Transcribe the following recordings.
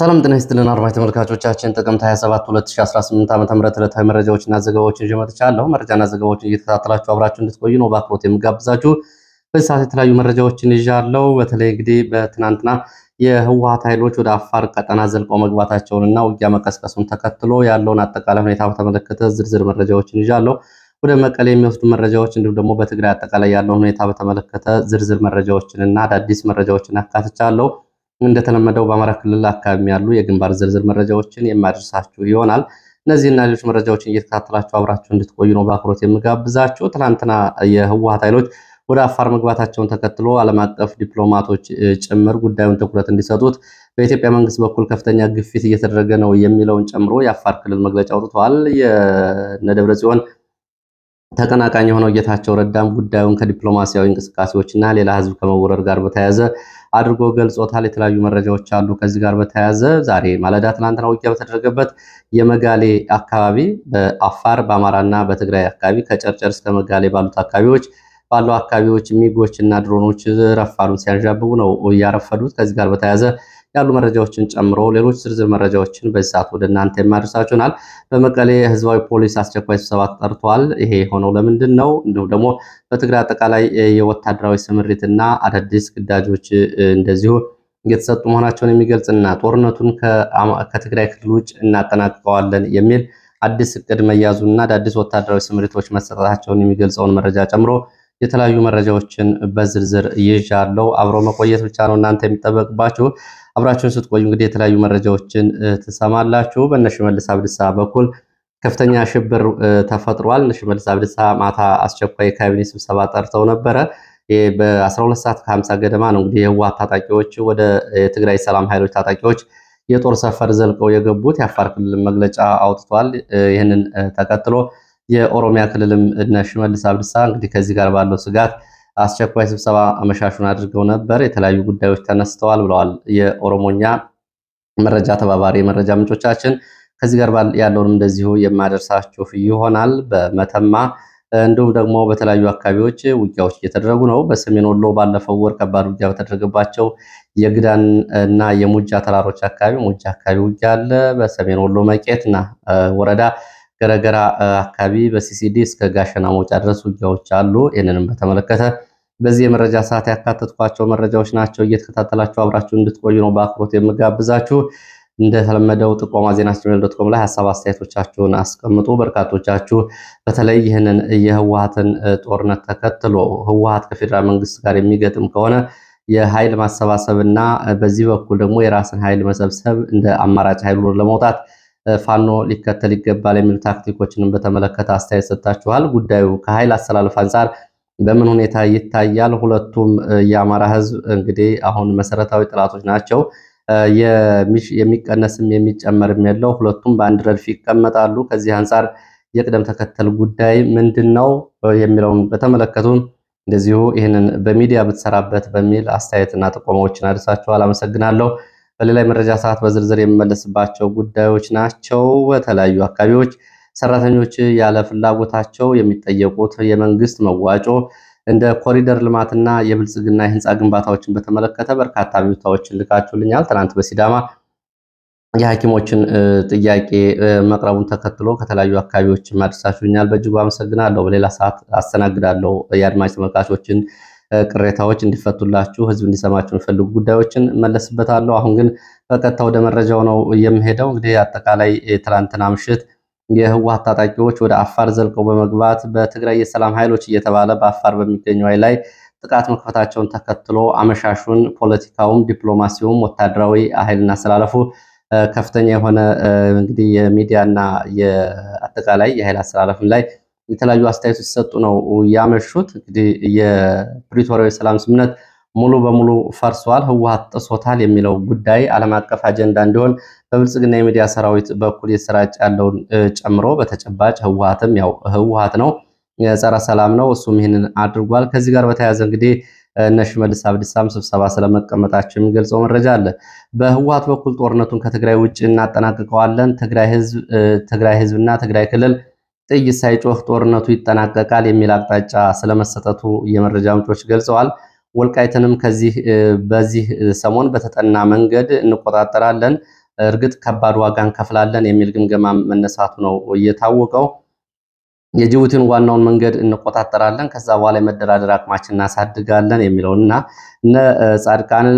ሰላም ጤና ይስጥልን አርማይ ተመልካቾቻችን ጥቅምት 27 2018 ም ዕለታዊ መረጃዎችና ዘገባዎችን ይዤ መጥቻለሁ። መረጃና ዘገባዎችን እየተከታተላችሁ አብራችሁ እንድትቆዩ ነው በአክብሮት የምጋብዛችሁ። በዚህ ሰዓት የተለያዩ መረጃዎችን ይዣለሁ። በተለይ እንግዲህ በትናንትና የህወሓት ኃይሎች ወደ አፋር ቀጠና ዘልቀው መግባታቸውንና ውጊያ መቀስቀሱን ተከትሎ ያለውን አጠቃላይ ሁኔታ በተመለከተ ዝርዝር መረጃዎችን ይዣለሁ። ወደ መቀሌ የሚወስዱ መረጃዎች እንዲሁም ደግሞ በትግራይ አጠቃላይ ያለውን ሁኔታ በተመለከተ ዝርዝር መረጃዎችንና አዳዲስ መረጃዎችን አካትቻለሁ። እንደተለመደው በአማራ ክልል አካባቢ ያሉ የግንባር ዝርዝር መረጃዎችን የማደርሳችሁ ይሆናል። እነዚህና ሌሎች መረጃዎችን እየተከታተላችሁ አብራችሁ እንድትቆዩ ነው በአክብሮት የምጋብዛችሁ። ትናንትና የህወሀት ኃይሎች ወደ አፋር መግባታቸውን ተከትሎ ዓለም አቀፍ ዲፕሎማቶች ጭምር ጉዳዩን ትኩረት እንዲሰጡት በኢትዮጵያ መንግስት በኩል ከፍተኛ ግፊት እየተደረገ ነው የሚለውን ጨምሮ የአፋር ክልል መግለጫ አውጥተዋል። የነደብረ ጽዮን ተቀናቃኝ የሆነው ጌታቸው ረዳም ጉዳዩን ከዲፕሎማሲያዊ እንቅስቃሴዎችና ሌላ ህዝብ ከመወረር ጋር በተያያዘ አድርጎ ገልጾታል። የተለያዩ መረጃዎች አሉ። ከዚህ ጋር በተያያዘ ዛሬ ማለዳ ትናንትና ውጊያ በተደረገበት የመጋሌ አካባቢ በአፋር በአማራና በትግራይ አካባቢ ከጨርጨር እስከ መጋሌ ባሉት አካባቢዎች ባለው አካባቢዎች ሚጎች እና ድሮኖች ረፋዱን ሲያንዣብቡ ነው እያረፈዱት። ከዚህ ጋር በተያያዘ ያሉ መረጃዎችን ጨምሮ ሌሎች ዝርዝር መረጃዎችን በዚህ ሰዓት ወደ እናንተ የማደርሳችሁናል። በመቀሌ ህዝባዊ ፖሊስ አስቸኳይ ስብሰባ ተጠርቷል። ይሄ የሆነው ለምንድን ነው? እንዲሁም ደግሞ በትግራይ አጠቃላይ የወታደራዊ ስምሪትና አዳዲስ ግዳጆች እንደዚሁ እየተሰጡ መሆናቸውን የሚገልጽና ጦርነቱን ከትግራይ ክልል ውጭ እናጠናቅቀዋለን የሚል አዲስ እቅድ መያዙና አዳዲስ ወታደራዊ ስምሪቶች መሰጠታቸውን የሚገልጸውን መረጃ ጨምሮ የተለያዩ መረጃዎችን በዝርዝር ይዣለው። አብሮ መቆየት ብቻ ነው እናንተ የሚጠበቅባችሁ። አብራችሁን ስትቆዩ እንግዲህ የተለያዩ መረጃዎችን ትሰማላችሁ። በእነ ሽመልስ አብድሳ በኩል ከፍተኛ ሽብር ተፈጥሯል። እነ ሽመልስ አብድሳ ማታ አስቸኳይ ካቢኔ ስብሰባ ጠርተው ነበረ። በ12 ሰዓት ከ50 ገደማ ነው እንግዲህ የህወሓት ታጣቂዎች ወደ የትግራይ ሰላም ኃይሎች ታጣቂዎች የጦር ሰፈር ዘልቀው የገቡት። የአፋር ክልል መግለጫ አውጥቷል። ይህንን ተከትሎ የኦሮሚያ ክልልም እነ ሽመልስ አብድሳ እንግዲህ ከዚህ ጋር ባለው ስጋት አስቸኳይ ስብሰባ አመሻሹን አድርገው ነበር። የተለያዩ ጉዳዮች ተነስተዋል ብለዋል የኦሮሞኛ መረጃ ተባባሪ መረጃ ምንጮቻችን። ከዚህ ጋር ያለውንም እንደዚሁ የማደርሳችሁ ይሆናል። በመተማ እንዲሁም ደግሞ በተለያዩ አካባቢዎች ውጊያዎች እየተደረጉ ነው። በሰሜን ወሎ ባለፈው ወር ከባድ ውጊያ በተደረገባቸው የግዳን እና የሙጃ ተራሮች አካባቢ ሙጃ አካባቢ ውጊያ አለ። በሰሜን ወሎ መቄትና ወረዳ ገረገራ አካባቢ በሲሲዲ እስከ ጋሸና መውጫ ድረስ ውጊያዎች አሉ። ይህንንም በተመለከተ በዚህ የመረጃ ሰዓት ያካተትኳቸው መረጃዎች ናቸው። እየተከታተላችሁ አብራችሁ እንድትቆዩ ነው በአክብሮት የምጋብዛችሁ። እንደተለመደው ጥቆማ ዜና ጂሜል ዶት ኮም ላይ ሀሳብ አስተያየቶቻችሁን አስቀምጡ። በርካቶቻችሁ በተለይ ይህንን የህወሀትን ጦርነት ተከትሎ ህወሀት ከፌዴራል መንግስት ጋር የሚገጥም ከሆነ የኃይል ማሰባሰብ እና በዚህ በኩል ደግሞ የራስን ኃይል መሰብሰብ እንደ አማራጭ ኃይል ለመውጣት ፋኖ ሊከተል ይገባል የሚሉ ታክቲኮችንም በተመለከተ አስተያየት ሰጥታችኋል። ጉዳዩ ከኃይል አሰላለፍ አንጻር በምን ሁኔታ ይታያል? ሁለቱም የአማራ ህዝብ እንግዲህ አሁን መሰረታዊ ጥላቶች ናቸው። የሚቀነስም የሚጨመርም የለው። ሁለቱም በአንድ ረድፍ ይቀመጣሉ። ከዚህ አንጻር የቅደም ተከተል ጉዳይ ምንድን ነው የሚለውን በተመለከቱ እንደዚሁ ይህንን በሚዲያ ብትሰራበት በሚል አስተያየትና ጥቆማዎችን አድርሳችኋል። አመሰግናለሁ። በሌላ መረጃ ሰዓት በዝርዝር የሚመለስባቸው ጉዳዮች ናቸው። በተለያዩ አካባቢዎች ሰራተኞች ያለ ፍላጎታቸው የሚጠየቁት የመንግስት መዋጮ እንደ ኮሪደር ልማትና የብልጽግና የህንፃ ግንባታዎችን በተመለከተ በርካታ አቤቱታዎችን ልካችሁልኛል። ትናንት በሲዳማ የሐኪሞችን ጥያቄ መቅረቡን ተከትሎ ከተለያዩ አካባቢዎች አድርሳችሁልኛል። በእጅጉ አመሰግናለሁ። በሌላ ሰዓት አስተናግዳለሁ። የአድማጭ ተመልካቾችን ቅሬታዎች እንዲፈቱላችሁ ህዝብ እንዲሰማችሁ የሚፈልጉ ጉዳዮችን መለስበታለሁ። አሁን ግን በቀጥታ ወደ መረጃው ነው የምሄደው። እንግዲህ አጠቃላይ ትላንትና ምሽት የህወሓት ታጣቂዎች ወደ አፋር ዘልቀው በመግባት በትግራይ የሰላም ኃይሎች እየተባለ በአፋር በሚገኙ ኃይል ላይ ጥቃት መክፈታቸውን ተከትሎ አመሻሹን ፖለቲካውም ዲፕሎማሲውም ወታደራዊ ኃይልና አስተላለፉ ከፍተኛ የሆነ እንግዲህ የሚዲያና የአጠቃላይ የኃይል አስተላለፍም ላይ የተለያዩ አስተያየቶች ሲሰጡ ነው ያመሹት። እንግዲህ የፕሪቶሪያዊ ሰላም ስምምነት ሙሉ በሙሉ ፈርሷል፣ ህወሓት ጥሶታል የሚለው ጉዳይ ዓለም አቀፍ አጀንዳ እንዲሆን በብልጽግና የሚዲያ ሰራዊት በኩል የተሰራጭ ያለውን ጨምሮ በተጨባጭ ህወሀትም ያው ህወሀት ነው፣ ጸረ ሰላም ነው። እሱም ይህንን አድርጓል። ከዚህ ጋር በተያያዘ እንግዲህ እነ ሽመልስ አብዲሳም ስብሰባ ስለመቀመጣቸው የሚገልጸው መረጃ አለ። በህወሀት በኩል ጦርነቱን ከትግራይ ውጭ እናጠናቅቀዋለን፣ ትግራይ ህዝብና ትግራይ ክልል ጥይት ሳይጮህ ጦርነቱ ይጠናቀቃል የሚል አቅጣጫ ስለመሰጠቱ የመረጃ ምንጮች ገልጸዋል። ወልቃይትንም ከዚህ በዚህ ሰሞን በተጠና መንገድ እንቆጣጠራለን እርግጥ ከባድ ዋጋ እንከፍላለን የሚል ግምገማ መነሳቱ ነው እየታወቀው የጅቡቲን ዋናውን መንገድ እንቆጣጠራለን፣ ከዛ በኋላ የመደራደር አቅማችን እናሳድጋለን የሚለውን እና እነ ጻድቃንን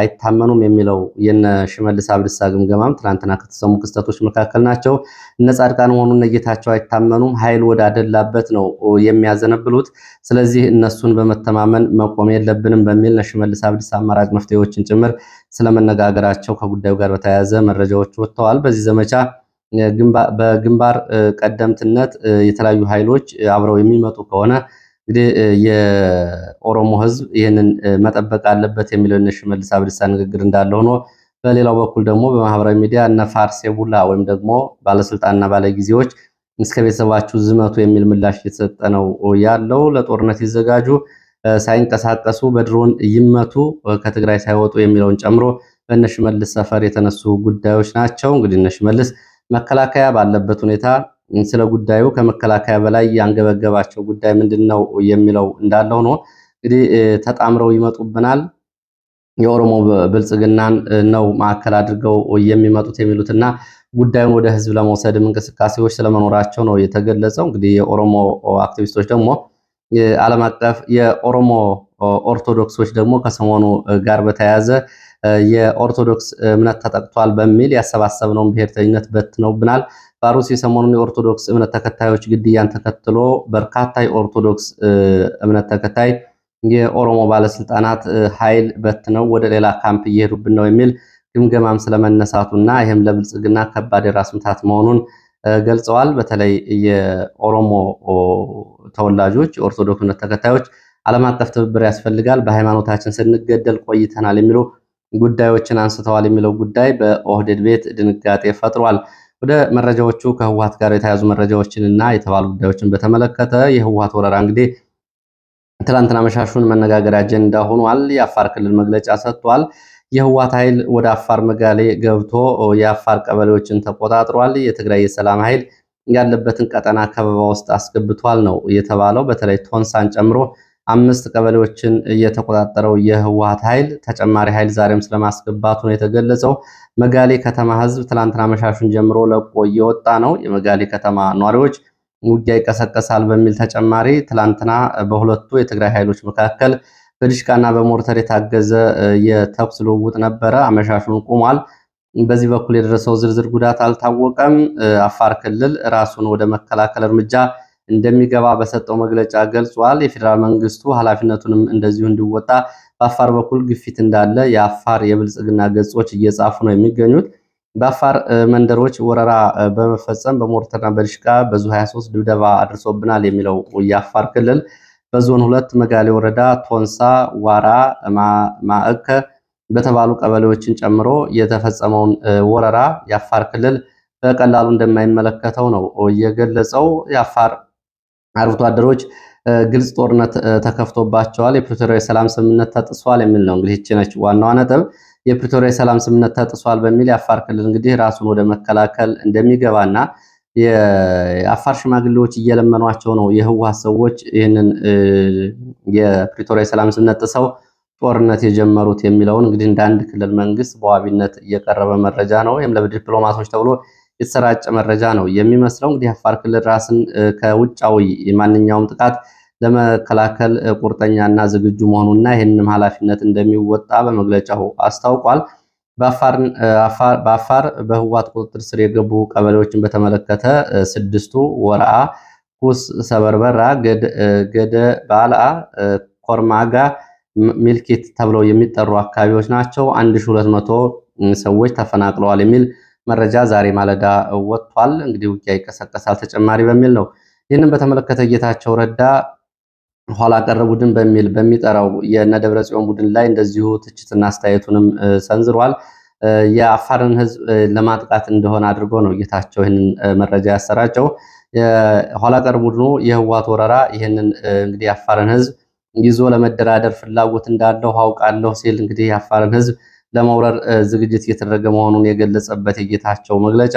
አይታመኑም የሚለው የነ ሽመልስ አብዲሳ ግምገማም ትናንትና ከተሰሙ ክስተቶች መካከል ናቸው። እነ ጻድቃን ሆኑ እነ ጌታቸው አይታመኑም፣ ኃይል ወደ አደላበት ነው የሚያዘነብሉት። ስለዚህ እነሱን በመተማመን መቆም የለብንም በሚል እነ ሽመልስ አብዲሳ አማራጭ መፍትሄዎችን ጭምር ስለመነጋገራቸው ከጉዳዩ ጋር በተያያዘ መረጃዎች ወጥተዋል። በዚህ ዘመቻ በግንባር ቀደምትነት የተለያዩ ኃይሎች አብረው የሚመጡ ከሆነ እንግዲህ የኦሮሞ ህዝብ ይህንን መጠበቅ አለበት የሚለው የእነ ሽመልስ አብዲሳ ንግግር እንዳለ ሆኖ በሌላው በኩል ደግሞ በማህበራዊ ሚዲያ እነ ፋርሴ ቡላ ወይም ደግሞ ባለስልጣንና ባለጊዜዎች እስከ ቤተሰባችሁ ዝመቱ የሚል ምላሽ እየተሰጠ ነው ያለው። ለጦርነት ይዘጋጁ፣ ሳይንቀሳቀሱ በድሮን ይመቱ፣ ከትግራይ ሳይወጡ የሚለውን ጨምሮ በእነ ሽመልስ ሰፈር የተነሱ ጉዳዮች ናቸው። እንግዲህ እነ ሽመልስ መከላከያ ባለበት ሁኔታ ስለ ጉዳዩ ከመከላከያ በላይ ያንገበገባቸው ጉዳይ ምንድን ነው የሚለው እንዳለ ሆኖ እንግዲህ ተጣምረው ይመጡብናል፣ የኦሮሞ ብልጽግናን ነው ማዕከል አድርገው የሚመጡት የሚሉትና ጉዳዩን ወደ ህዝብ ለመውሰድም እንቅስቃሴዎች ስለመኖራቸው ነው የተገለጸው። እንግዲህ የኦሮሞ አክቲቪስቶች ደግሞ ዓለም አቀፍ የኦሮሞ ኦርቶዶክሶች ደግሞ ከሰሞኑ ጋር በተያያዘ የኦርቶዶክስ እምነት ተጠቅቷል በሚል ያሰባሰብነውን ብሔርተኝነት በትነውብናል። ባሩስ የሰሞኑን የኦርቶዶክስ እምነት ተከታዮች ግድያን ተከትሎ በርካታ የኦርቶዶክስ እምነት ተከታይ የኦሮሞ ባለስልጣናት ኃይል በትነው ወደ ሌላ ካምፕ እየሄዱብን ነው የሚል ግምገማም ስለመነሳቱና ይህም ለብልጽግና ከባድ የራስ ምታት መሆኑን ገልጸዋል። በተለይ የኦሮሞ ተወላጆች የኦርቶዶክስ እምነት ተከታዮች ዓለም አቀፍ ትብብር ያስፈልጋል፣ በሃይማኖታችን ስንገደል ቆይተናል የሚሉ ጉዳዮችን አንስተዋል የሚለው ጉዳይ በኦህዴድ ቤት ድንጋጤ ፈጥሯል። ወደ መረጃዎቹ ከህወሀት ጋር የተያዙ መረጃዎችን እና የተባሉ ጉዳዮችን በተመለከተ የህወሀት ወረራ እንግዲህ ትላንትና መሻሹን መነጋገሪያ አጀንዳ ሆኗል። የአፋር ክልል መግለጫ ሰጥቷል። የህወሀት ኃይል ወደ አፋር መጋሌ ገብቶ የአፋር ቀበሌዎችን ተቆጣጥሯል። የትግራይ የሰላም ኃይል ያለበትን ቀጠና ከበባ ውስጥ አስገብቷል ነው የተባለው። በተለይ ቶንሳን ጨምሮ አምስት ቀበሌዎችን እየተቆጣጠረው የህወሓት ኃይል ተጨማሪ ኃይል ዛሬም ስለማስገባቱ ነው የተገለጸው። መጋሌ ከተማ ህዝብ ትላንትና መሻሹን ጀምሮ ለቆ እየወጣ ነው። የመጋሌ ከተማ ነዋሪዎች ውጊያ ይቀሰቀሳል በሚል ተጨማሪ ትላንትና በሁለቱ የትግራይ ኃይሎች መካከል በድሽቃና በሞርተር የታገዘ የተኩስ ልውውጥ ነበረ። አመሻሹን ቁሟል። በዚህ በኩል የደረሰው ዝርዝር ጉዳት አልታወቀም። አፋር ክልል ራሱን ወደ መከላከል እርምጃ እንደሚገባ በሰጠው መግለጫ ገልጿል። የፌዴራል መንግስቱ ኃላፊነቱንም እንደዚሁ እንዲወጣ በአፋር በኩል ግፊት እንዳለ የአፋር የብልጽግና ገጾች እየጻፉ ነው የሚገኙት። በአፋር መንደሮች ወረራ በመፈጸም በሞርተርና በድሽቃ በዙ 23 ድብደባ አድርሶብናል የሚለው የአፋር ክልል በዞን ሁለት መጋሌ ወረዳ ቶንሳ፣ ዋራ፣ ማእከ በተባሉ ቀበሌዎችን ጨምሮ የተፈጸመውን ወረራ የአፋር ክልል በቀላሉ እንደማይመለከተው ነው የገለጸው። የአፋር አርብቶ አደሮች ግልጽ ጦርነት ተከፍቶባቸዋል፣ የፕሪቶሪያ የሰላም ስምምነት ተጥሷል የሚል ነው። እንግዲህ ይቺ ዋናዋ ነጥብ። የፕሪቶሪያ የሰላም ስምምነት ተጥሷል በሚል የአፋር ክልል እንግዲህ ራሱን ወደ መከላከል እንደሚገባና የአፋር ሽማግሌዎች እየለመኗቸው ነው የህወሓት ሰዎች ይህንን የፕሪቶሪያ የሰላም ስምምነት ጥሰው ጦርነት የጀመሩት የሚለውን እንግዲህ እንደ አንድ ክልል መንግስት በዋቢነት እየቀረበ መረጃ ነው። ይህም ለዲፕሎማቶች ተብሎ የተሰራጨ መረጃ ነው የሚመስለው። እንግዲህ አፋር ክልል ራስን ከውጫዊ ማንኛውም ጥቃት ለመከላከል ቁርጠኛና ዝግጁ መሆኑና ይህንንም ኃላፊነት እንደሚወጣ በመግለጫው አስታውቋል። በአፋር በህዋት ቁጥጥር ስር የገቡ ቀበሌዎችን በተመለከተ ስድስቱ ወረአ፣ ኩስ፣ ሰበርበራ፣ ገደ ባልአ፣ ኮርማጋ፣ ሚልኪት ተብለው የሚጠሩ አካባቢዎች ናቸው። 1200 ሰዎች ተፈናቅለዋል የሚል መረጃ ዛሬ ማለዳ ወጥቷል። እንግዲህ ውጊያ ይቀሰቀሳል ተጨማሪ በሚል ነው። ይህንን በተመለከተ ጌታቸው ረዳ ኋላ ቀር ቡድን በሚል በሚጠራው የነደብረ ጽዮን ቡድን ላይ እንደዚሁ ትችትና አስተያየቱንም ሰንዝሯል። የአፋርን ሕዝብ ለማጥቃት እንደሆነ አድርጎ ነው ጌታቸው ይህንን መረጃ ያሰራጨው። የኋላ ቀር ቡድኑ የህዋት ወረራ ይህንን እንግዲህ የአፋርን ሕዝብ ይዞ ለመደራደር ፍላጎት እንዳለው አውቃለሁ ሲል እንግዲህ የአፋርን ሕዝብ ለመውረር ዝግጅት እየተደረገ መሆኑን የገለጸበት የጌታቸው መግለጫ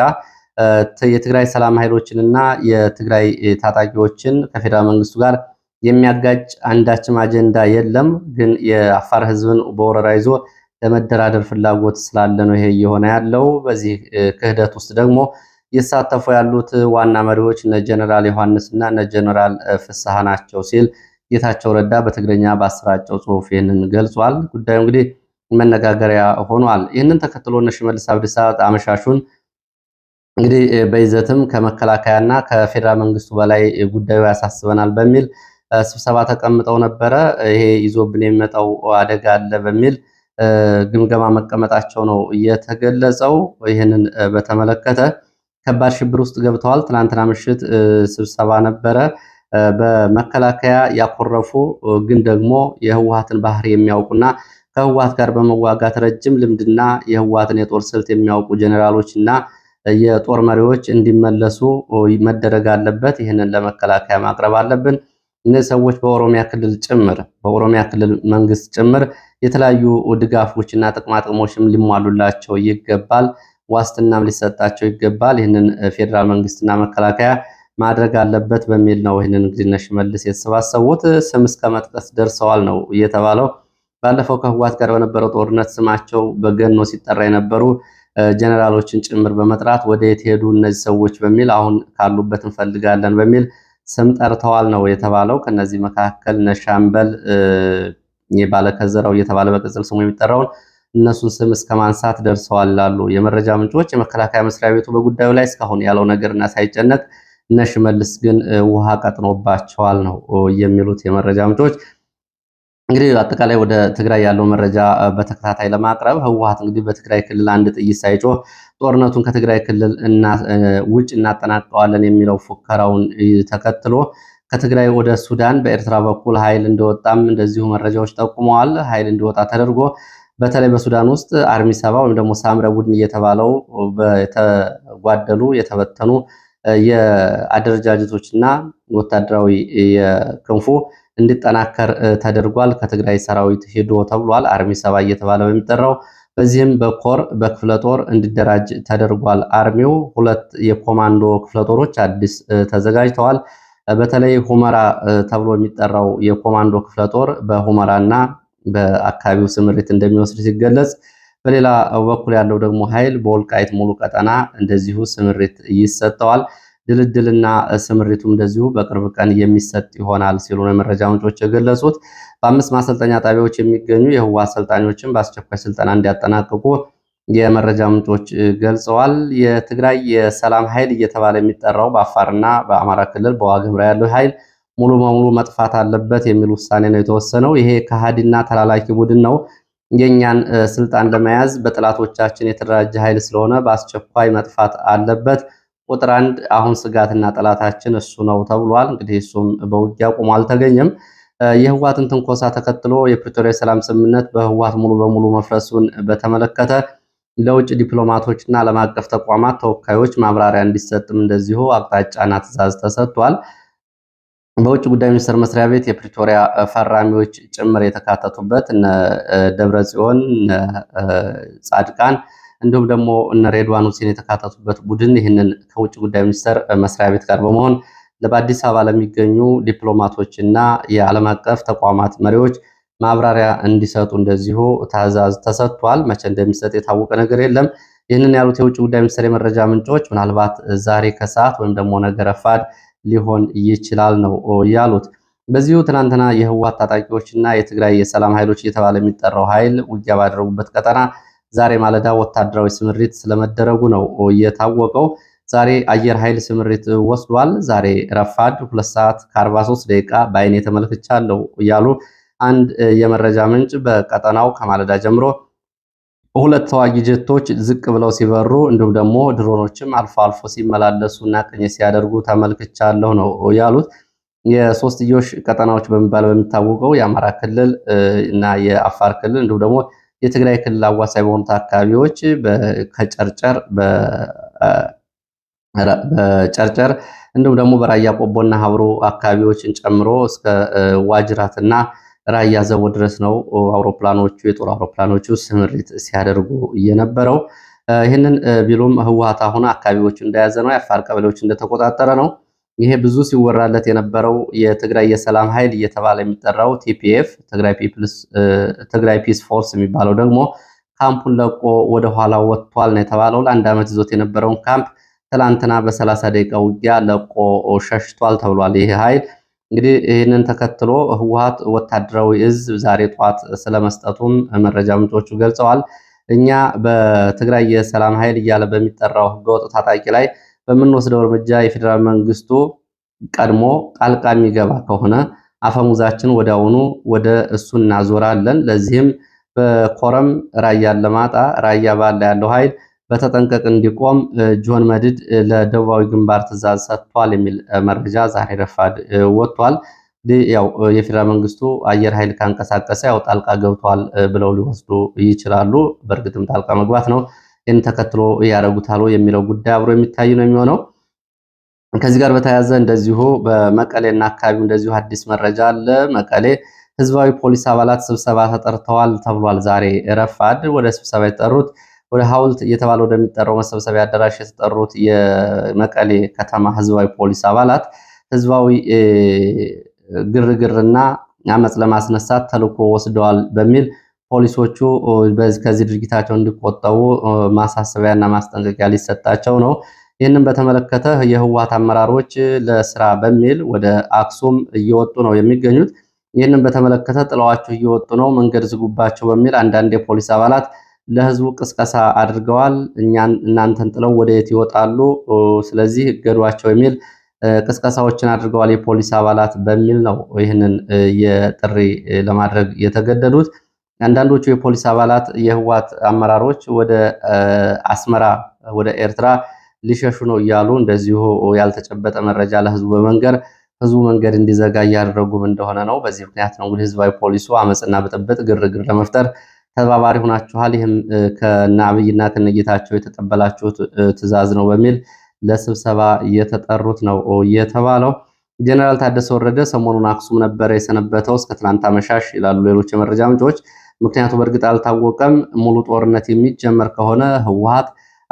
የትግራይ ሰላም ኃይሎችንና የትግራይ ታጣቂዎችን ከፌዴራል መንግስቱ ጋር የሚያጋጭ አንዳችም አጀንዳ የለም፣ ግን የአፋር ህዝብን በወረራ ይዞ ለመደራደር ፍላጎት ስላለ ነው ይሄ እየሆነ ያለው። በዚህ ክህደት ውስጥ ደግሞ እየተሳተፉ ያሉት ዋና መሪዎች እነ ጀነራል እና እነ ጀነራል ፍስሐ ናቸው ሲል ጌታቸው ረዳ በትግረኛ በአሰራጨው ጽሁፍ ይህንን ገልጿል። ጉዳዩ እንግዲህ መነጋገሪያ ሆኗል። ይህንን ተከትሎ እነ ሽመልስ አብዲሳ አመሻሹን እንግዲህ በይዘትም ከመከላከያና ከፌዴራል መንግስቱ በላይ ጉዳዩ ያሳስበናል በሚል ስብሰባ ተቀምጠው ነበረ። ይሄ ይዞብን የሚመጣው አደጋ አለ በሚል ግምገማ መቀመጣቸው ነው የተገለጸው። ይህንን በተመለከተ ከባድ ሽብር ውስጥ ገብተዋል። ትናንትና ምሽት ስብሰባ ነበረ። በመከላከያ ያኮረፉ ግን ደግሞ የህወሀትን ባህሪ የሚያውቁና ከህዋት ጋር በመዋጋት ረጅም ልምድና የህዋትን የጦር ስልት የሚያውቁ ጀኔራሎች እና የጦር መሪዎች እንዲመለሱ መደረግ አለበት። ይህንን ለመከላከያ ማቅረብ አለብን። እነዚህ ሰዎች በኦሮሚያ ክልል ጭምር በኦሮሚያ ክልል መንግስት ጭምር የተለያዩ ድጋፎች እና ጥቅማጥቅሞችም ሊሟሉላቸው ይገባል። ዋስትናም ሊሰጣቸው ይገባል። ይህንን ፌዴራል መንግስትና መከላከያ ማድረግ አለበት በሚል ነው። ይህንን እንግዲህ እነ ሽመልስ የተሰባሰቡት ስም እስከ መጥቀስ ደርሰዋል ነው እየተባለው ባለፈው ከህዋት ጋር በነበረው ጦርነት ስማቸው በገኖ ሲጠራ የነበሩ ጀነራሎችን ጭምር በመጥራት ወደ የት ሄዱ እነዚህ ሰዎች በሚል አሁን ካሉበት እንፈልጋለን በሚል ስም ጠርተዋል ነው የተባለው። ከነዚህ መካከል ነሻምበል ባለከዘራው እየተባለ በቅጽል ስሙ የሚጠራውን እነሱን ስም እስከ ማንሳት ደርሰዋል ላሉ የመረጃ ምንጮች። የመከላከያ መስሪያ ቤቱ በጉዳዩ ላይ እስካሁን ያለው ነገርና ሳይጨነቅ እነ ሽመልስ ግን ውሃ ቀጥኖባቸዋል ነው የሚሉት የመረጃ ምንጮች። እንግዲህ አጠቃላይ ወደ ትግራይ ያለው መረጃ በተከታታይ ለማቅረብ ህወሀት እንግዲህ በትግራይ ክልል አንድ ጥይት ሳይጮህ ጦርነቱን ከትግራይ ክልል ውጭ እናጠናቀዋለን የሚለው ፉከራውን ተከትሎ ከትግራይ ወደ ሱዳን በኤርትራ በኩል ኃይል እንደወጣም እንደዚሁ መረጃዎች ጠቁመዋል። ኃይል እንዲወጣ ተደርጎ በተለይ በሱዳን ውስጥ አርሚ ሰባ ወይም ደግሞ ሳምረ ቡድን እየተባለው የተጓደሉ የተበተኑ እና ወታደራዊ የክንፉ እንዲጠናከር ተደርጓል። ከትግራይ ሰራዊት ሄዶ ተብሏል። አርሚ ሰባ እየተባለ የሚጠራው በዚህም በኮር በክፍለ ጦር እንዲደራጅ ተደርጓል። አርሚው ሁለት የኮማንዶ ክፍለ ጦሮች አዲስ ተዘጋጅተዋል። በተለይ ሁመራ ተብሎ የሚጠራው የኮማንዶ ክፍለ ጦር በሁመራና በአካባቢው ስምሪት እንደሚወስድ ሲገለጽ፣ በሌላ በኩል ያለው ደግሞ ኃይል በወልቃይት ሙሉ ቀጠና እንደዚሁ ስምሪት ይሰጠዋል። ድልድልና ስምሪቱም እንደዚሁ በቅርብ ቀን የሚሰጥ ይሆናል ሲሉ ነው የመረጃ ምንጮች የገለጹት። በአምስት ማሰልጠኛ ጣቢያዎች የሚገኙ የህዋ አሰልጣኞችን በአስቸኳይ ስልጠና እንዲያጠናቅቁ የመረጃ ምንጮች ገልጸዋል። የትግራይ የሰላም ኃይል እየተባለ የሚጠራው በአፋርና በአማራ ክልል በዋግምራ ያለው ኃይል ሙሉ በሙሉ መጥፋት አለበት የሚል ውሳኔ ነው የተወሰነው። ይሄ ከሃዲና ተላላኪ ቡድን ነው የእኛን ስልጣን ለመያዝ በጥላቶቻችን የተደራጀ ኃይል ስለሆነ በአስቸኳይ መጥፋት አለበት ቁጥር አንድ አሁን ስጋትና ጠላታችን እሱ ነው ተብሏል። እንግዲህ እሱም በውጊያ ቆሞ አልተገኘም። የህዋትን ትንኮሳ ተከትሎ የፕሪቶሪያ ሰላም ስምምነት በህዋት ሙሉ በሙሉ መፍረሱን በተመለከተ ለውጭ ዲፕሎማቶችና ዓለም አቀፍ ተቋማት ተወካዮች ማብራሪያ እንዲሰጥም እንደዚሁ አቅጣጫና ትዕዛዝ ተሰጥቷል። በውጭ ጉዳይ ሚኒስቴር መስሪያ ቤት የፕሪቶሪያ ፈራሚዎች ጭምር የተካተቱበት እነ ደብረ ጽዮን፣ ጻድቃን እንዲሁም ደግሞ እነ ሬድዋን ሁሴን የተካተቱበት ቡድን ይህንን ከውጭ ጉዳይ ሚኒስቴር መስሪያ ቤት ጋር በመሆን በአዲስ አበባ ለሚገኙ ዲፕሎማቶች እና የዓለም አቀፍ ተቋማት መሪዎች ማብራሪያ እንዲሰጡ እንደዚሁ ትዕዛዝ ተሰጥቷል። መቼ እንደሚሰጥ የታወቀ ነገር የለም። ይህንን ያሉት የውጭ ጉዳይ ሚኒስቴር የመረጃ ምንጮች ምናልባት ዛሬ ከሰዓት ወይም ደግሞ ነገ ረፋድ ሊሆን ይችላል ነው ያሉት። በዚሁ ትናንትና የህወሓት ታጣቂዎችና የትግራይ የሰላም ኃይሎች እየተባለ የሚጠራው ኃይል ውጊያ ባደረጉበት ቀጠና ዛሬ ማለዳ ወታደራዊ ስምሪት ስለመደረጉ ነው የታወቀው። ዛሬ አየር ኃይል ስምሪት ወስዷል። ዛሬ ረፋድ ሁለት ሰዓት ከ43 ደቂቃ በአይኔ ተመልክቻለሁ እያሉ አንድ የመረጃ ምንጭ በቀጠናው ከማለዳ ጀምሮ ሁለት ተዋጊ ጀቶች ዝቅ ብለው ሲበሩ እንዲሁም ደግሞ ድሮኖችም አልፎ አልፎ ሲመላለሱ እና ቅኝት ሲያደርጉ ተመልክቻለሁ ነው ያሉት። የሶስትዮሽ ቀጠናዎች በሚባል በሚታወቀው የአማራ ክልል እና የአፋር ክልል እንዲሁም ደግሞ የትግራይ ክልል አዋሳኝ በሆኑት አካባቢዎች ከጨርጨር በጨርጨር እንዲሁም ደግሞ በራያ ቆቦና ሀብሮ አካባቢዎችን ጨምሮ እስከ ዋጅራትና ራያ ዘቦ ድረስ ነው አውሮፕላኖቹ የጦር አውሮፕላኖቹ ስምሪት ሲያደርጉ የነበረው። ይህንን ቢሉም ህወሓት አሁን አካባቢዎቹ እንደያዘ ነው። የአፋር ቀበሌዎች እንደተቆጣጠረ ነው። ይሄ ብዙ ሲወራለት የነበረው የትግራይ የሰላም ኃይል እየተባለ የሚጠራው ቲፒኤፍ ትግራይ ፒስ ፎርስ የሚባለው ደግሞ ካምፑን ለቆ ወደኋላ ወጥቷል ነው የተባለው። ለአንድ ዓመት ይዞት የነበረውን ካምፕ ትላንትና በሰላሳ ደቂቃ ውጊያ ለቆ ሸሽቷል ተብሏል። ይህ ኃይል እንግዲህ ይህንን ተከትሎ ህወሀት ወታደራዊ እዝ ዛሬ ጠዋት ስለመስጠቱም መረጃ ምንጮቹ ገልጸዋል። እኛ በትግራይ የሰላም ኃይል እያለ በሚጠራው ህገወጥ ታጣቂ ላይ በምንወስደው እርምጃ የፌዴራል መንግስቱ ቀድሞ ጣልቃ የሚገባ ከሆነ አፈሙዛችን ወዲያውኑ ወደ እሱ እናዞራለን። ለዚህም በኮረም ራያ ለማጣ ራያ ባላ ያለው ኃይል በተጠንቀቅ እንዲቆም ጆን መድድ ለደቡባዊ ግንባር ትዕዛዝ ሰጥቷል የሚል መረጃ ዛሬ ረፋድ ወጥቷል። የፌዴራል መንግስቱ አየር ኃይል ካንቀሳቀሰ ያው ጣልቃ ገብቷል ብለው ሊወስዱ ይችላሉ። በእርግጥም ጣልቃ መግባት ነው። ይህን ተከትሎ ያደረጉታል የሚለው ጉዳይ አብሮ የሚታይ ነው የሚሆነው። ከዚህ ጋር በተያያዘ እንደዚሁ በመቀሌና አካባቢው እንደዚሁ አዲስ መረጃ አለ። መቀሌ ህዝባዊ ፖሊስ አባላት ስብሰባ ተጠርተዋል ተብሏል። ዛሬ ረፋድ ወደ ስብሰባ የተጠሩት ወደ ሀውልት እየተባለ ወደሚጠራው መሰብሰቢያ አዳራሽ የተጠሩት የመቀሌ ከተማ ህዝባዊ ፖሊስ አባላት ህዝባዊ ግርግርና አመፅ ለማስነሳት ተልዕኮ ወስደዋል በሚል ፖሊሶቹ ከዚህ ድርጊታቸው እንዲቆጠቡ ማሳሰቢያና ማስጠንቀቂያ ሊሰጣቸው ነው። ይህንን በተመለከተ የህወሓት አመራሮች ለስራ በሚል ወደ አክሱም እየወጡ ነው የሚገኙት። ይህንን በተመለከተ ጥለዋቸው እየወጡ ነው፣ መንገድ ዝጉባቸው በሚል አንዳንድ የፖሊስ አባላት ለህዝቡ ቅስቀሳ አድርገዋል። እናንተን ጥለው ወደ የት ይወጣሉ? ስለዚህ እገዷቸው የሚል ቅስቀሳዎችን አድርገዋል የፖሊስ አባላት በሚል ነው ይህንን የጥሪ ለማድረግ የተገደዱት። አንዳንዶቹ የፖሊስ አባላት የህዋት አመራሮች ወደ አስመራ ወደ ኤርትራ ሊሸሹ ነው እያሉ እንደዚሁ ያልተጨበጠ መረጃ ለህዝቡ በመንገር ህዝቡ መንገድ እንዲዘጋ እያደረጉም እንደሆነ ነው። በዚህ ምክንያት ነው እንግዲህ ህዝባዊ ፖሊሱ አመፅና ብጥብጥ፣ ግርግር ለመፍጠር ተባባሪ ሆናችኋል፣ ይህም ከነ አብይና ከነጌታቸው የተቀበላችሁት ትዕዛዝ ነው በሚል ለስብሰባ የተጠሩት ነው የተባለው። ጀነራል ታደሰ ወረደ ሰሞኑን አክሱም ነበረ የሰነበተው እስከ ትናንት አመሻሽ ይላሉ ሌሎች የመረጃ ምንጮች። ምክንያቱ በእርግጥ አልታወቀም። ሙሉ ጦርነት የሚጀመር ከሆነ ህወሀት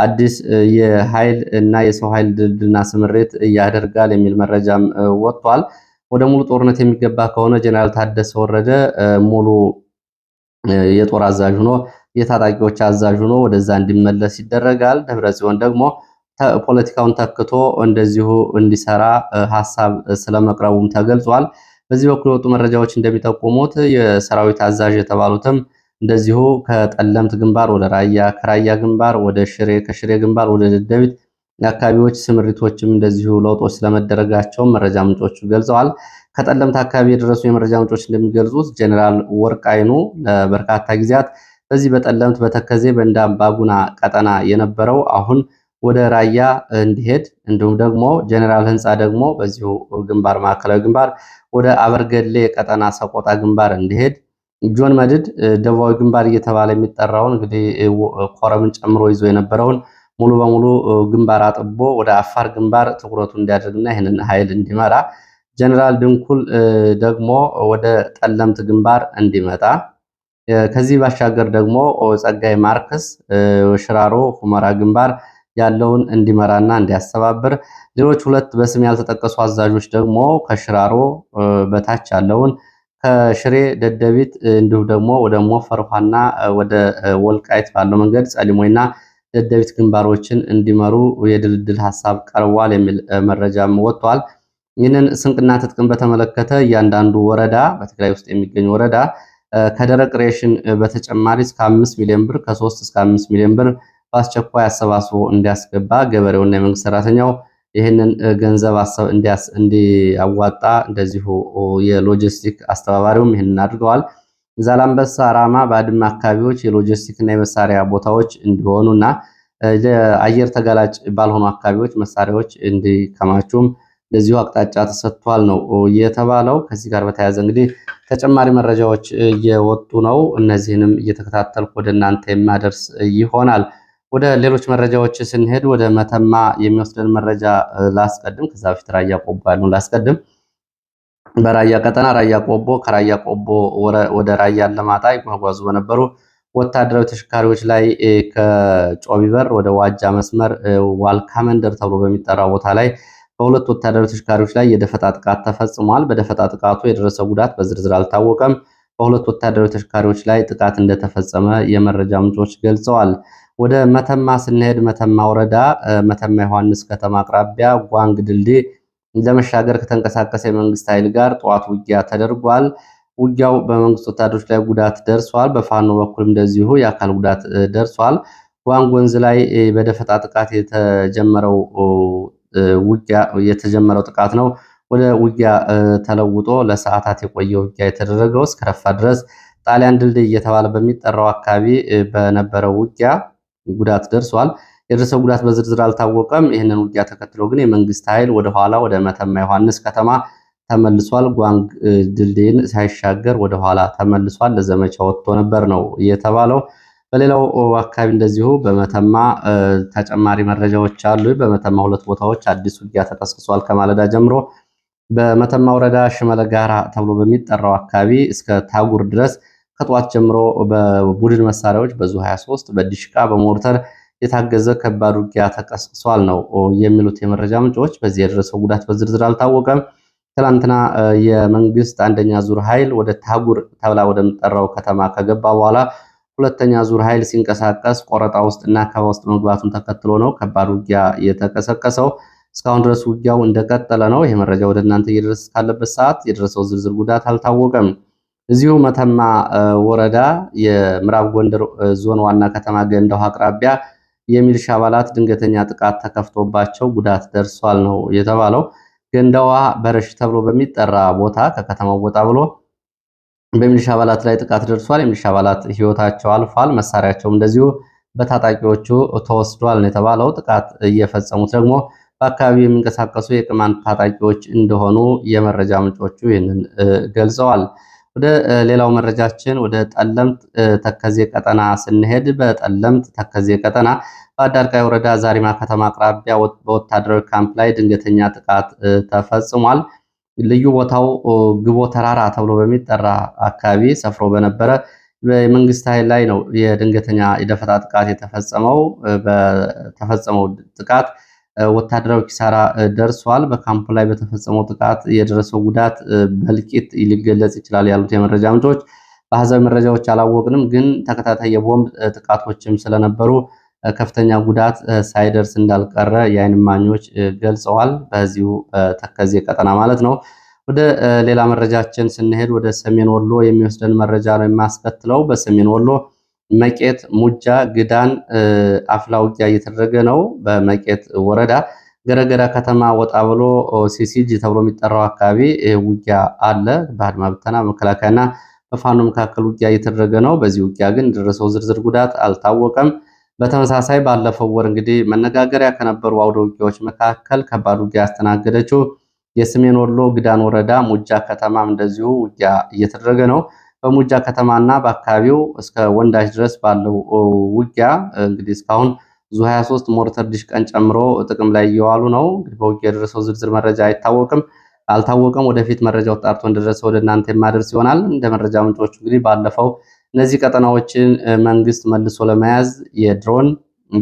አዲስ የኃይል እና የሰው ኃይል ድልድልና ስምሬት ያደርጋል የሚል መረጃም ወጥቷል። ወደ ሙሉ ጦርነት የሚገባ ከሆነ ጀነራል ታደሰ ወረደ ሙሉ የጦር አዛዥ ሆኖ የታጣቂዎች አዛዥ ሆኖ ወደዛ እንዲመለስ ይደረጋል። ደብረ ጽዮን ደግሞ ፖለቲካውን ተክቶ እንደዚሁ እንዲሰራ ሀሳብ ስለመቅረቡም ተገልጿል። በዚህ በኩል የወጡ መረጃዎች እንደሚጠቁሙት የሰራዊት አዛዥ የተባሉትም እንደዚሁ ከጠለምት ግንባር ወደ ራያ፣ ከራያ ግንባር ወደ ሽሬ፣ ከሽሬ ግንባር ወደ ደደቢት አካባቢዎች ስምሪቶችም እንደዚሁ ለውጦች ስለመደረጋቸው መረጃ ምንጮቹ ገልጸዋል። ከጠለምት አካባቢ የደረሱ የመረጃ ምንጮች እንደሚገልጹት ጀኔራል ወርቃይኑ ለበርካታ ጊዜያት በዚህ በጠለምት በተከዜ በእንደ ቀጠና የነበረው አሁን ወደ ራያ እንዲሄድ እንዲሁም ደግሞ ጀኔራል ህንፃ ደግሞ በዚሁ ግንባር ማዕከላዊ ግንባር ወደ አበርገሌ ቀጠና ሰቆጣ ግንባር እንዲሄድ ጆን መድድ ደቡባዊ ግንባር እየተባለ የሚጠራውን እንግዲህ ኮረምን ጨምሮ ይዞ የነበረውን ሙሉ በሙሉ ግንባር አጥቦ ወደ አፋር ግንባር ትኩረቱ እንዲያደርግና ይህንን ኃይል እንዲመራ ጀኔራል ድንኩል ደግሞ ወደ ጠለምት ግንባር እንዲመጣ ከዚህ ባሻገር ደግሞ ጸጋይ ማርክስ ሽራሮ ሁመራ ግንባር ያለውን እንዲመራና እንዲያስተባብር፣ ሌሎች ሁለት በስም ያልተጠቀሱ አዛዦች ደግሞ ከሽራሮ በታች ያለውን ከሽሬ ደደቢት እንዲሁም ደግሞ ወደ ሞፈር ውሃና ወደ ወልቃይት ባለው መንገድ ጸሊሞይና ደደቢት ግንባሮችን እንዲመሩ የድልድል ሀሳብ ቀርቧል የሚል መረጃም ወጥቷል። ይህንን ስንቅና ትጥቅም በተመለከተ እያንዳንዱ ወረዳ በትግራይ ውስጥ የሚገኝ ወረዳ ከደረቅ ሬሽን በተጨማሪ እስከ አምስት ሚሊዮን ብር ከሶስት እስከ አምስት ሚሊዮን ብር በአስቸኳይ አሰባስቦ እንዲያስገባ ገበሬውና የመንግስት ሰራተኛው ይህንን ገንዘብ እንዲያዋጣ እንደዚሁ የሎጂስቲክ አስተባባሪውም ይህንን አድርገዋል። ዛላምበሳ፣ ራማ፣ ባድማ አካባቢዎች እና የመሳሪያ ቦታዎች እንዲሆኑና ለአየር ተጋላጭ ባልሆኑ አካባቢዎች መሳሪያዎች እንዲከማቹም እንደዚሁ አቅጣጫ ተሰጥቷል ነው የተባለው። ከዚህ ጋር በተያያዘ እንግዲህ ተጨማሪ መረጃዎች እየወጡ ነው። እነዚህንም እየተከታተልኩ ወደ እናንተ የማደርስ ይሆናል። ወደ ሌሎች መረጃዎች ስንሄድ ወደ መተማ የሚወስደን መረጃ ላስቀድም። ከዛ በፊት ራያ ቆቦ ያለውን ላስቀድም። በራያ ቀጠና ራያ ቆቦ፣ ከራያ ቆቦ ወደ ራያ አላማጣ ይጓጓዙ በነበሩ ወታደራዊ ተሽከርካሪዎች ላይ ከጮቢበር ወደ ዋጃ መስመር ዋልካ መንደር ተብሎ በሚጠራ ቦታ ላይ በሁለት ወታደራዊ ተሽከርካሪዎች ላይ የደፈጣ ጥቃት ተፈጽሟል። በደፈጣ ጥቃቱ የደረሰ ጉዳት በዝርዝር አልታወቀም። በሁለት ወታደራዊ ተሽከርካሪዎች ላይ ጥቃት እንደተፈጸመ የመረጃ ምንጮች ገልጸዋል። ወደ መተማ ስንሄድ መተማ ወረዳ መተማ ዮሐንስ ከተማ አቅራቢያ ጓንግ ድልድይ ለመሻገር ከተንቀሳቀሰ የመንግስት ኃይል ጋር ጠዋት ውጊያ ተደርጓል። ውጊያው በመንግስት ወታደሮች ላይ ጉዳት ደርሷል። በፋኖ በኩል እንደዚሁ የአካል ጉዳት ደርሷል። ጓንግ ወንዝ ላይ በደፈጣ ጥቃት የተጀመረው ውጊያ የተጀመረው ጥቃት ነው ወደ ውጊያ ተለውጦ ለሰዓታት የቆየ ውጊያ የተደረገው እስከ ረፋ ድረስ ጣሊያን ድልድይ እየተባለ በሚጠራው አካባቢ በነበረው ውጊያ ጉዳት ደርሷል። የደረሰው ጉዳት በዝርዝር አልታወቀም። ይህንን ውጊያ ተከትሎ ግን የመንግስት ኃይል ወደኋላ ወደ መተማ ዮሐንስ ከተማ ተመልሷል። ጓንግ ድልድይን ሳይሻገር ወደኋላ ተመልሷል። ለዘመቻ ወጥቶ ነበር ነው የተባለው። በሌላው አካባቢ እንደዚሁ በመተማ ተጨማሪ መረጃዎች አሉ። በመተማ ሁለት ቦታዎች አዲስ ውጊያ ተቀስቅሷል። ከማለዳ ጀምሮ በመተማ ወረዳ ሽመለጋራ ተብሎ በሚጠራው አካባቢ እስከ ታጉር ድረስ ከጠዋት ጀምሮ በቡድን መሳሪያዎች በዙ 23 በዲሽቃ በሞርተር የታገዘ ከባድ ውጊያ ተቀስቅሷል ነው የሚሉት የመረጃ ምንጮች። በዚህ የደረሰው ጉዳት በዝርዝር አልታወቀም። ትላንትና የመንግስት አንደኛ ዙር ኃይል ወደ ታጉር ተብላ ወደምጠራው ከተማ ከገባ በኋላ ሁለተኛ ዙር ኃይል ሲንቀሳቀስ ቆረጣ ውስጥ እና አካባ ውስጥ መግባቱን ተከትሎ ነው ከባድ ውጊያ የተቀሰቀሰው። እስካሁን ድረስ ውጊያው እንደቀጠለ ነው። ይህ መረጃ ወደ እናንተ እየደረሰ ካለበት ሰዓት የደረሰው ዝርዝር ጉዳት አልታወቀም። እዚሁ መተማ ወረዳ የምዕራብ ጎንደር ዞን ዋና ከተማ ገንዳው አቅራቢያ የሚሊሻ አባላት ድንገተኛ ጥቃት ተከፍቶባቸው ጉዳት ደርሷል ነው የተባለው። ገንዳዋ በረሽ ተብሎ በሚጠራ ቦታ ከከተማው ወጣ ብሎ በሚሊሻ አባላት ላይ ጥቃት ደርሷል። የሚሊሻ አባላት ህይወታቸው አልፏል። መሳሪያቸውም እንደዚሁ በታጣቂዎቹ ተወስዷል ነው የተባለው። ጥቃት እየፈጸሙት ደግሞ በአካባቢው የሚንቀሳቀሱ የቅማንት ታጣቂዎች እንደሆኑ የመረጃ ምንጮቹ ይህንን ገልጸዋል። ወደ ሌላው መረጃችን ወደ ጠለምት ተከዜ ቀጠና ስንሄድ በጠለምት ተከዜ ቀጠና በአዳርቃይ ወረዳ ዛሪማ ከተማ አቅራቢያ በወታደራዊ ካምፕ ላይ ድንገተኛ ጥቃት ተፈጽሟል። ልዩ ቦታው ግቦ ተራራ ተብሎ በሚጠራ አካባቢ ሰፍሮ በነበረ በመንግስት ኃይል ላይ ነው የድንገተኛ የደፈጣ ጥቃት የተፈጸመው። በተፈጸመው ጥቃት ወታደራዊ ኪሳራ ደርሷል። በካምፕ ላይ በተፈጸመው ጥቃት የደረሰው ጉዳት በልቂት ሊገለጽ ይችላል ያሉት የመረጃ ምንጮች በአሃዛዊ መረጃዎች አላወቅንም፣ ግን ተከታታይ የቦምብ ጥቃቶችም ስለነበሩ ከፍተኛ ጉዳት ሳይደርስ እንዳልቀረ የዓይን እማኞች ገልጸዋል። በዚሁ በተከዜ ቀጠና ማለት ነው። ወደ ሌላ መረጃችን ስንሄድ ወደ ሰሜን ወሎ የሚወስደን መረጃ ነው የማስከትለው። በሰሜን ወሎ መቄት ሙጃ ግዳን አፍላ ውጊያ እየተደረገ ነው። በመቄት ወረዳ ገረገራ ከተማ ወጣ ብሎ ሲሲጂ ተብሎ የሚጠራው አካባቢ ውጊያ አለ። በአድማ ብተና መከላከያና በፋኖ መካከል ውጊያ እየተደረገ ነው። በዚህ ውጊያ ግን ደረሰው ዝርዝር ጉዳት አልታወቀም። በተመሳሳይ ባለፈው ወር እንግዲህ መነጋገሪያ ከነበሩ አውደ ውጊያዎች መካከል ከባድ ውጊያ ያስተናገደችው የሰሜን ወሎ ግዳን ወረዳ ሙጃ ከተማም እንደዚሁ ውጊያ እየተደረገ ነው። በሙጃ ከተማና በአካባቢው እስከ ወንዳች ድረስ ባለው ውጊያ እንግዲህ እስካሁን ዙ 23 ሞርተር ዲሽ ቀን ጨምሮ ጥቅም ላይ እየዋሉ ነው። እንግዲህ በውጊያ የደረሰው ዝርዝር መረጃ አይታወቅም አልታወቀም። ወደፊት መረጃው ጣርቶ እንደደረሰ ወደ እናንተ የማደርስ ይሆናል። እንደ መረጃ ምንጮቹ እንግዲህ ባለፈው እነዚህ ቀጠናዎችን መንግስት መልሶ ለመያዝ የድሮን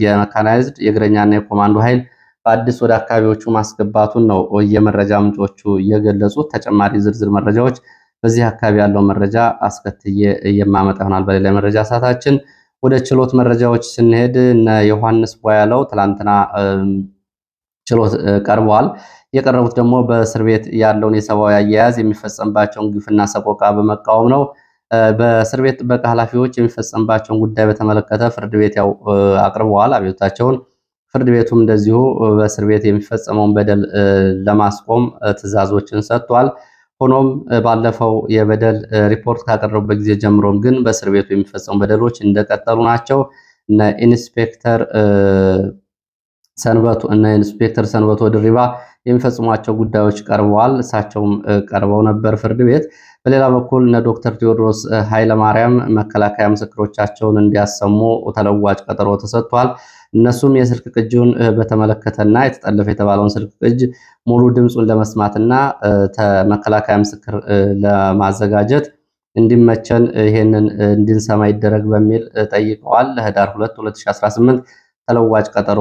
የመካናይዝድ የእግረኛና የኮማንዶ ኃይል በአዲስ ወደ አካባቢዎቹ ማስገባቱን ነው የመረጃ ምንጮቹ የገለጹት። ተጨማሪ ዝርዝር መረጃዎች በዚህ አካባቢ ያለው መረጃ አስከትዬ የማመጣ ይሆናል። በሌላ መረጃ ሰዓታችን ወደ ችሎት መረጃዎች ስንሄድ እነ ዮሐንስ ቧያለው ትላንትና ችሎት ቀርበዋል። የቀረቡት ደግሞ በእስር ቤት ያለውን የሰብአዊ አያያዝ የሚፈጸምባቸውን ግፍና ሰቆቃ በመቃወም ነው። በእስር ቤት ጥበቃ ኃላፊዎች የሚፈጸምባቸውን ጉዳይ በተመለከተ ፍርድ ቤት ያው አቅርበዋል አቤቱታቸውን። ፍርድ ቤቱም እንደዚሁ በእስር ቤት የሚፈጸመውን በደል ለማስቆም ትዕዛዞችን ሰጥቷል። ሆኖም ባለፈው የበደል ሪፖርት ካቀረቡበት ጊዜ ጀምሮም ግን በእስር ቤቱ የሚፈጸሙ በደሎች እንደቀጠሉ ናቸው። እነ ኢንስፔክተር ሰንበቱ እና ኢንስፔክተር ሰንበቱ ድሪባ የሚፈጽሟቸው ጉዳዮች ቀርበዋል። እሳቸውም ቀርበው ነበር ፍርድ ቤት። በሌላ በኩል እነ ዶክተር ቴዎድሮስ ኃይለማርያም መከላከያ ምስክሮቻቸውን እንዲያሰሙ ተለዋጭ ቀጠሮ ተሰጥቷል። እነሱም የስልክ ቅጂውን በተመለከተና የተጠለፈ የተባለውን ስልክ ቅጅ ሙሉ ድምፁን ለመስማትና መከላከያ ምስክር ለማዘጋጀት እንዲመቸን ይሄንን እንድንሰማ ይደረግ በሚል ጠይቀዋል። ለህዳር 2 2018 ተለዋጭ ቀጠሮ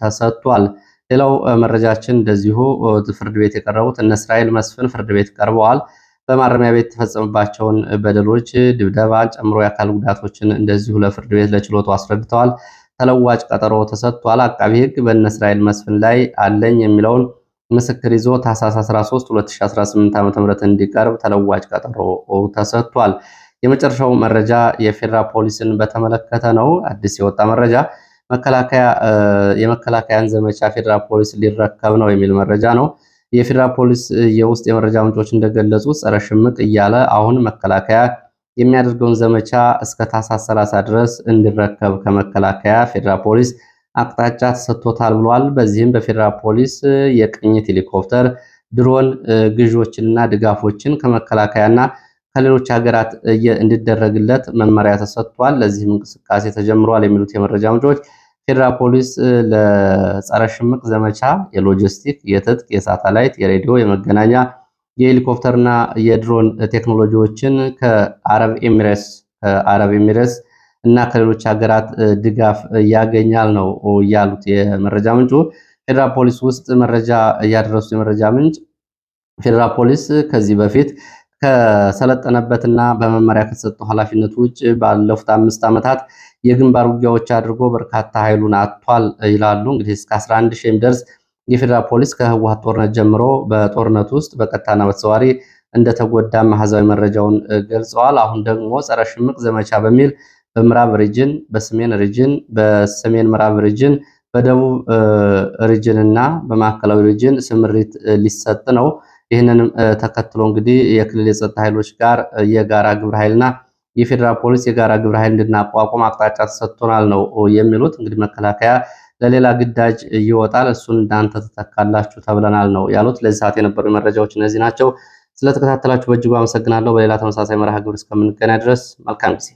ተሰጥቷል። ሌላው መረጃችን እንደዚሁ ፍርድ ቤት የቀረቡት እነ እስራኤል መስፍን ፍርድ ቤት ቀርበዋል። በማረሚያ ቤት የተፈጸመባቸውን በደሎች ድብደባን ጨምሮ የአካል ጉዳቶችን እንደዚሁ ለፍርድ ቤት ለችሎቱ አስረድተዋል። ተለዋጭ ቀጠሮ ተሰጥቷል። አቃቢ ህግ በእነ እስራኤል መስፍን ላይ አለኝ የሚለውን ምስክር ይዞ ታህሳስ 13 2018 ዓ.ም እንዲቀርብ ተለዋጭ ቀጠሮ ተሰጥቷል። የመጨረሻው መረጃ የፌዴራል ፖሊስን በተመለከተ ነው። አዲስ የወጣ መረጃ የመከላከያን ዘመቻ ፌዴራል ፖሊስ ሊረከብ ነው የሚል መረጃ ነው። የፌዴራል ፖሊስ የውስጥ የመረጃ ምንጮች እንደገለጹት ጸረ ሽምቅ እያለ አሁን መከላከያ የሚያደርገውን ዘመቻ እስከ ታህሳስ 30 ድረስ እንዲረከብ ከመከላከያ ፌዴራል ፖሊስ አቅጣጫ ተሰጥቶታል ብሏል። በዚህም በፌዴራል ፖሊስ የቅኝት ሄሊኮፕተር፣ ድሮን ግዢዎችንና ድጋፎችን ከመከላከያና ከሌሎች ሀገራት እንዲደረግለት መመሪያ ተሰጥቷል። ለዚህም እንቅስቃሴ ተጀምሯል የሚሉት የመረጃ ምንጮች ፌዴራል ፖሊስ ለጸረ ሽምቅ ዘመቻ የሎጂስቲክ፣ የትጥቅ፣ የሳተላይት፣ የሬዲዮ፣ የመገናኛ የሄሊኮፕተርና የድሮን ቴክኖሎጂዎችን ከአረብ ኤሚሬትስ ከአረብ ኤሚሬትስ እና ከሌሎች ሀገራት ድጋፍ ያገኛል ነው ያሉት የመረጃ ምንጩ። ፌዴራል ፖሊስ ውስጥ መረጃ ያደረሱ የመረጃ ምንጭ ፌዴራል ፖሊስ ከዚህ በፊት ከሰለጠነበትና በመመሪያ ከተሰጠው ኃላፊነት ውጭ ባለፉት አምስት ዓመታት የግንባር ውጊያዎች አድርጎ በርካታ ኃይሉን አጥቷል ይላሉ። እንግዲህ እስከ 11 ሺህ የሚደርስ የፌዴራል ፖሊስ ከህወሓት ጦርነት ጀምሮ በጦርነት ውስጥ በቀጥታና በተዘዋዋሪ እንደተጎዳ ማህዛዊ መረጃውን ገልጸዋል። አሁን ደግሞ ጸረ ሽምቅ ዘመቻ በሚል በምዕራብ ሪጅን፣ በሰሜን ሪጅን፣ በሰሜን ምዕራብ ሪጅን፣ በደቡብ ሪጅን እና በማዕከላዊ ሪጅን ስምሪት ሊሰጥ ነው። ይህንንም ተከትሎ እንግዲህ የክልል የጸጥታ ኃይሎች ጋር የጋራ ግብረ ኃይልና የፌዴራል ፖሊስ የጋራ ግብረ ኃይል እንድናቋቁም አቅጣጫ ተሰጥቶናል ነው የሚሉት እንግዲህ መከላከያ ለሌላ ግዳጅ ይወጣል። እሱን እናንተ ትተካላችሁ ተብለናል ነው ያሉት። ለዚህ ሰዓት የነበሩ መረጃዎች እነዚህ ናቸው። ስለተከታተላችሁ በእጅጉ አመሰግናለሁ። በሌላ ተመሳሳይ መርሃ ግብር እስከምንገናኝ ድረስ መልካም ጊዜ